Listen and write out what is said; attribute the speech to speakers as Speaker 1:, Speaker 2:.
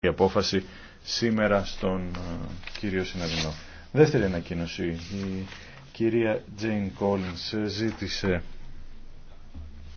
Speaker 1: η απόφαση σήμερα στον ε, κύριο Συναδεινό. Δεύτερη ανακοίνωση. Η κυρία Τζέιν Κόλινς ζήτησε